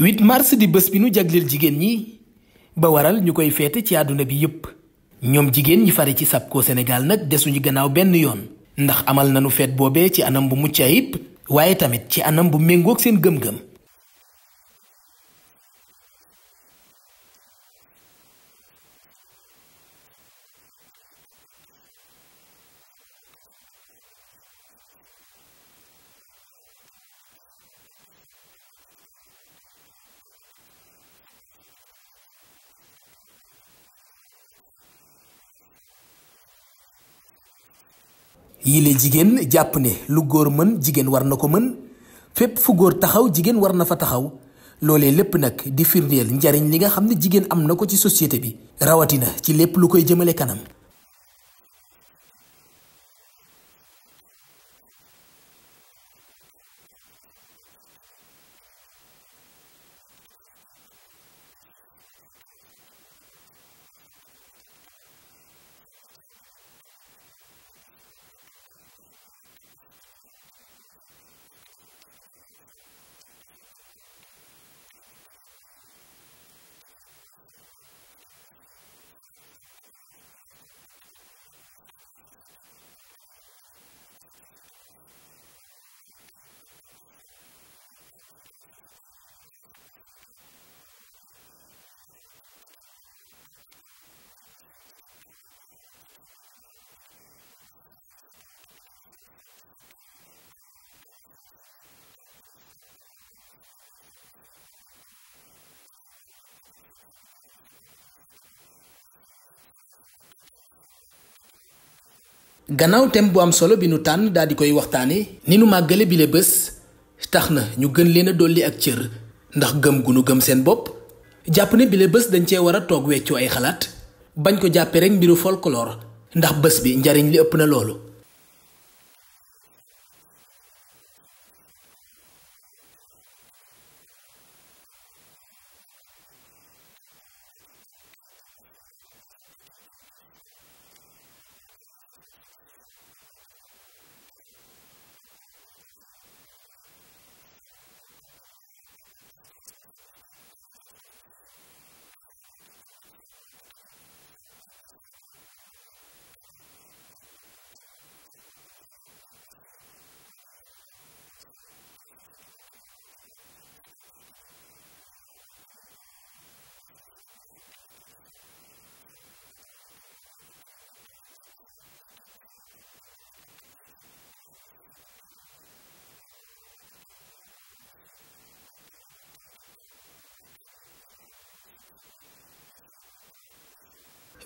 8 mars di bés bi nu jagleel jigéen ñi ba waral ñu koy feete ci àdduna bi yépp ñoom jigéen ñi fare ci SAPCO Sénégal nag desuñu gannaaw benn yoon ndax amal nañu feet boobee ci anam bu mucc ayib waaye tamit ci anam bu méngook seen gëm-gëm yile jigéen jàpp ne lu góor mën jigéen war na ko mën fépp fu góor taxaw jigéen war na fa taxaw loolee lépp nag di firndeel njariñ li nga xam ne jigéen am na ko ci société bi rawatina ci lépp lu koy jëmale kanam gannaaw tem bu am solo bi nu tànn daal di koy waxtaane ni nu màggale bile bés tax na ñu gën leen a dolli ak cër ndax gëm gu nu gëm seen bopp jàpp ne bile bés dañ cee war a toog weccu ay xalaat bañ ko jàppee rekk mbiru folklore ndax bés bi njariñ li ëpp na loolu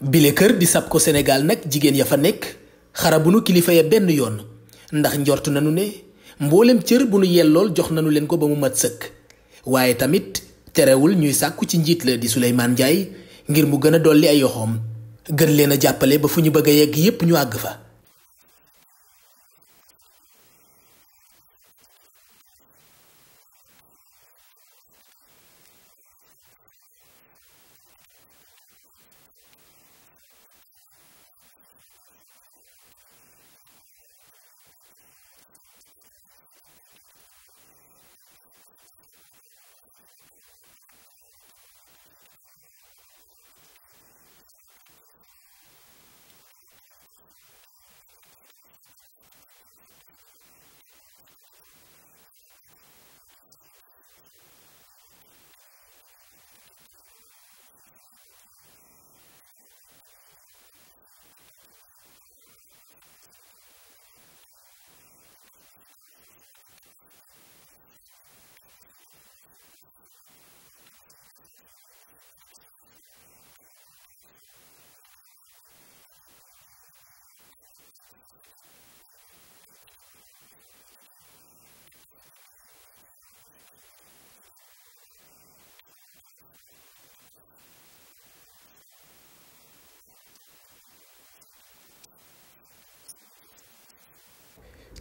bile kër di ko Sénégal nag jigéen ya fa nekk xarabunu kilifa ya benn yoon ndax njort nanu ne mboolem cër bu nu yellool jox nanu leen ko ba mu mat sëkk waaye tamit terewul ñuy sàkku ci njiit la di Souleymane Ndiaye ngir mu gën a dolli ay yoxoom gën leen a jàppale ba fu ñu bëgg a yegg yépp ñu àgg fa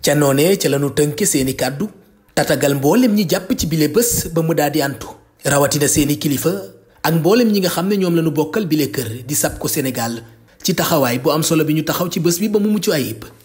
ca noonee ca lanu tënke seeni kàddu tatagal mboolem ñi jàpp ci bile bés ba mu daal di antu rawatina seeni kilifa ak mboolem ñi nga xam ne ñoom lañu bokkal bile kër di sab ko Sénégal ci taxawaay bu am solo bi ñu taxaw ci bés bi ba mu mucc ayib